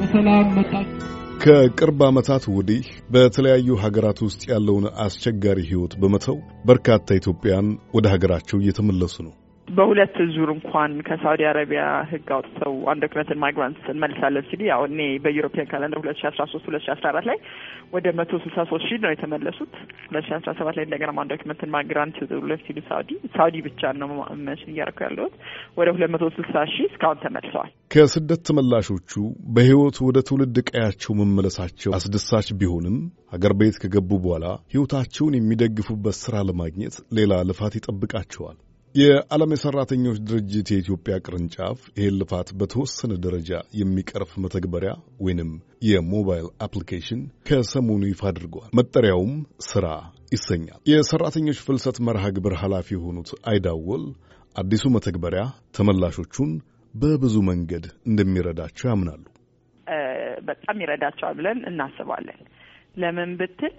በሰላም መጣችሁ። ከቅርብ ዓመታት ወዲህ በተለያዩ ሀገራት ውስጥ ያለውን አስቸጋሪ ሕይወት በመተው በርካታ ኢትዮጵያን ወደ ሀገራቸው እየተመለሱ ነው። በሁለት ዙር እንኳን ከሳውዲ አረቢያ ህግ አውጥተው አንዶክመንትን ማይግራንትስ እንመልሳለን ሲሉ ያው እኔ በዩሮፒያን ካለንደር ሁለት ሺ አስራ ሶስት ሁለት ሺ አስራ አራት ላይ ወደ መቶ ስልሳ ሶስት ሺ ነው የተመለሱት። ሁለት ሺ አስራ ሰባት ላይ እንደገና አንዶክመንትን ማይግራንት ሁለት ሲሉ ሳኡዲ ሳኡዲ ብቻ ነው መሽን እያደረኩ ያለሁት ወደ ሁለት መቶ ስልሳ ሺ እስካሁን ተመልሰዋል። ከስደት ተመላሾቹ በህይወት ወደ ትውልድ ቀያቸው መመለሳቸው አስደሳች ቢሆንም ሀገር ቤት ከገቡ በኋላ ህይወታቸውን የሚደግፉበት ስራ ለማግኘት ሌላ ልፋት ይጠብቃቸዋል። የዓለም የሠራተኞች ድርጅት የኢትዮጵያ ቅርንጫፍ ይህን ልፋት በተወሰነ ደረጃ የሚቀርፍ መተግበሪያ ወይንም የሞባይል አፕሊኬሽን ከሰሞኑ ይፋ አድርጓል። መጠሪያውም ሥራ ይሰኛል። የሠራተኞች ፍልሰት መርሃ ግብር ኃላፊ የሆኑት አይዳወል አዲሱ መተግበሪያ ተመላሾቹን በብዙ መንገድ እንደሚረዳቸው ያምናሉ። በጣም ይረዳቸዋል ብለን እናስባለን። ለምን ብትል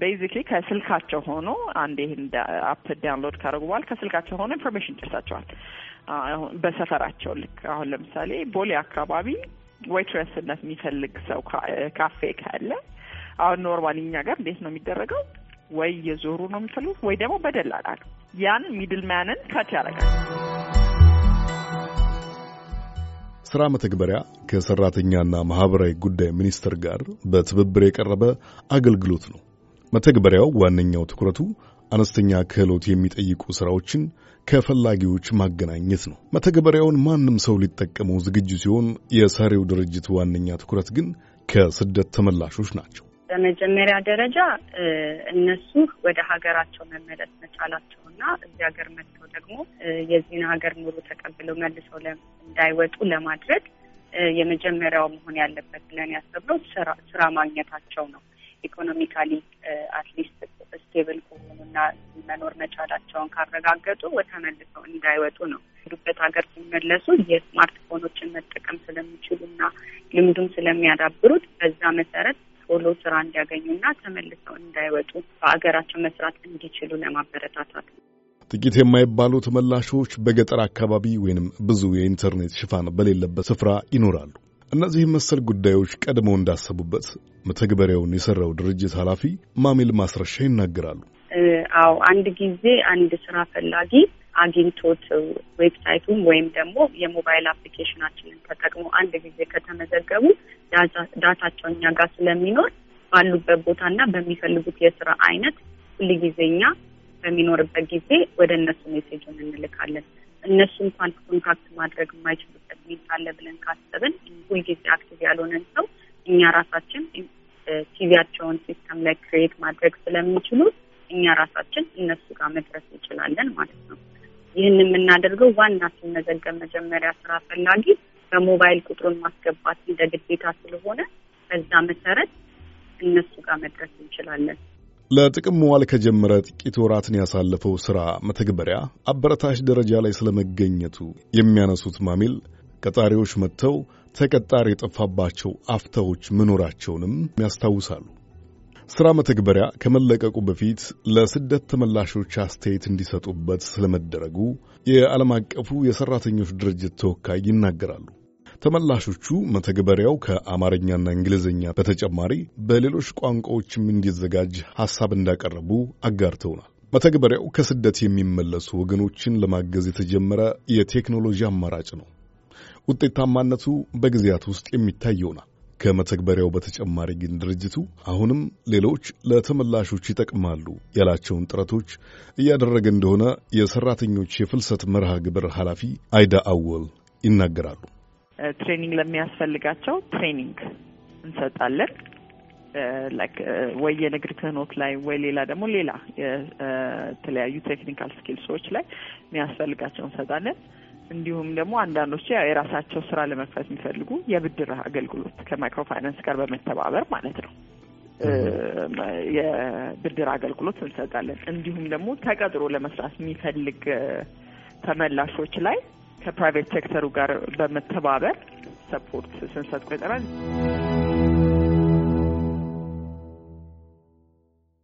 ቤዚክሊ ከስልካቸው ሆኖ አንድ ይህን አፕ ዳውንሎድ ካደረጉ በኋላ ከስልካቸው ሆኖ ኢንፎርሜሽን ይደርሳቸዋል። በሰፈራቸው ልክ አሁን ለምሳሌ ቦሌ አካባቢ ዌይትረስነት የሚፈልግ ሰው ካፌ ካለ አሁን ኖርማል እኛ ጋር እንዴት ነው የሚደረገው? ወይ የዞሩ ነው የሚፈልጉት ወይ ደግሞ በደላላ ነው። ያን ሚድል ማንን ከት ያደርጋል። ሥራ መተግበሪያ ከሠራተኛና ማኅበራዊ ጉዳይ ሚኒስቴር ጋር በትብብር የቀረበ አገልግሎት ነው። መተግበሪያው ዋነኛው ትኩረቱ አነስተኛ ክህሎት የሚጠይቁ ሥራዎችን ከፈላጊዎች ማገናኘት ነው። መተግበሪያውን ማንም ሰው ሊጠቀመው ዝግጁ ሲሆን፣ የሰሪው ድርጅት ዋነኛ ትኩረት ግን ከስደት ተመላሾች ናቸው። በመጀመሪያ ደረጃ እነሱ ወደ ሀገራቸው መመለስ መቻላቸው እና እዚህ ሀገር መጥተው ደግሞ የዚህን ሀገር ኑሮ ተቀብለው መልሰው እንዳይወጡ ለማድረግ የመጀመሪያው መሆን ያለበት ብለን ያሰብነው ስራ ማግኘታቸው ነው። ኢኮኖሚካሊ አትሊስት ስቴብል ከሆኑና መኖር መቻላቸውን ካረጋገጡ ተመልሰው እንዳይወጡ ነው። ሄዱበት ሀገር ሲመለሱ የስማርትፎኖችን መጠቀም ስለሚችሉና ልምዱም ስለሚያዳብሩት በዛ መሰረት ቶሎ ስራ እንዲያገኙና ተመልሰው እንዳይወጡ በአገራቸው መስራት እንዲችሉ ለማበረታታት ነው። ጥቂት የማይባሉ ተመላሾች በገጠር አካባቢ ወይንም ብዙ የኢንተርኔት ሽፋን በሌለበት ስፍራ ይኖራሉ። እነዚህ መሰል ጉዳዮች ቀድመው እንዳሰቡበት መተግበሪያውን የሰራው ድርጅት ኃላፊ ማሜል ማስረሻ ይናገራሉ። አዎ አንድ ጊዜ አንድ ስራ ፈላጊ አግኝቶት ዌብሳይቱም ወይም ደግሞ የሞባይል አፕሊኬሽናችንን ተጠቅሞ አንድ ጊዜ ከተመዘገቡ ዳታቸው እኛ ጋር ስለሚኖር ባሉበት ቦታና በሚፈልጉት የስራ አይነት ሁልጊዜ ጊዜኛ በሚኖርበት ጊዜ ወደ እነሱ ሜሴጅን እንልካለን። እነሱ እንኳን ኮንታክት ማድረግ የማይችሉበት ሁኔታ ብለን ካሰብን ሁልጊዜ አክቲቭ ያልሆነን ሰው እኛ ራሳችን ሲቪያቸውን ሲስተም ላይ ክሬት ማድረግ ስለሚችሉ እኛ ራሳችን እነሱ ጋር መድረስ እንችላለን ማለት ነው። ይህን የምናደርገው ዋና ሲመዘገብ መጀመሪያ ስራ ፈላጊ በሞባይል ቁጥሩን ማስገባት እንደ ግዴታ ስለሆነ በዛ መሰረት እነሱ ጋር መድረስ እንችላለን። ለጥቅም መዋል ከጀመረ ጥቂት ወራትን ያሳለፈው ስራ መተግበሪያ አበረታች ደረጃ ላይ ስለመገኘቱ የሚያነሱት ማሚል ቀጣሪዎች መጥተው ተቀጣሪ የጠፋባቸው አፍታዎች መኖራቸውንም ያስታውሳሉ። ስራ መተግበሪያ ከመለቀቁ በፊት ለስደት ተመላሾች አስተያየት እንዲሰጡበት ስለመደረጉ የዓለም አቀፉ የሠራተኞች ድርጅት ተወካይ ይናገራሉ። ተመላሾቹ መተግበሪያው ከአማርኛና እንግሊዝኛ በተጨማሪ በሌሎች ቋንቋዎችም እንዲዘጋጅ ሐሳብ እንዳቀረቡ አጋርተውናል። መተግበሪያው ከስደት የሚመለሱ ወገኖችን ለማገዝ የተጀመረ የቴክኖሎጂ አማራጭ ነው። ውጤታማነቱ በጊዜያት ውስጥ የሚታይ ይሆናል። ከመተግበሪያው በተጨማሪ ግን ድርጅቱ አሁንም ሌሎች ለተመላሾች ይጠቅማሉ ያላቸውን ጥረቶች እያደረገ እንደሆነ የሰራተኞች የፍልሰት መርሃ ግብር ኃላፊ አይዳ አወል ይናገራሉ። ትሬኒንግ ለሚያስፈልጋቸው ትሬኒንግ እንሰጣለን ወይ የንግድ ክህኖት ላይ ወይ ሌላ ደግሞ ሌላ የተለያዩ ቴክኒካል ስኪል ላይ የሚያስፈልጋቸው እንሰጣለን። እንዲሁም ደግሞ አንዳንዶች የራሳቸው ስራ ለመክፈት የሚፈልጉ የብድር አገልግሎት ከማይክሮፋይናንስ ጋር በመተባበር ማለት ነው የብድር አገልግሎት እንሰጣለን። እንዲሁም ደግሞ ተቀጥሮ ለመስራት የሚፈልግ ተመላሾች ላይ ከፕራይቬት ሴክተሩ ጋር በመተባበር ሰፖርት ስንሰጥ ቆይተናል።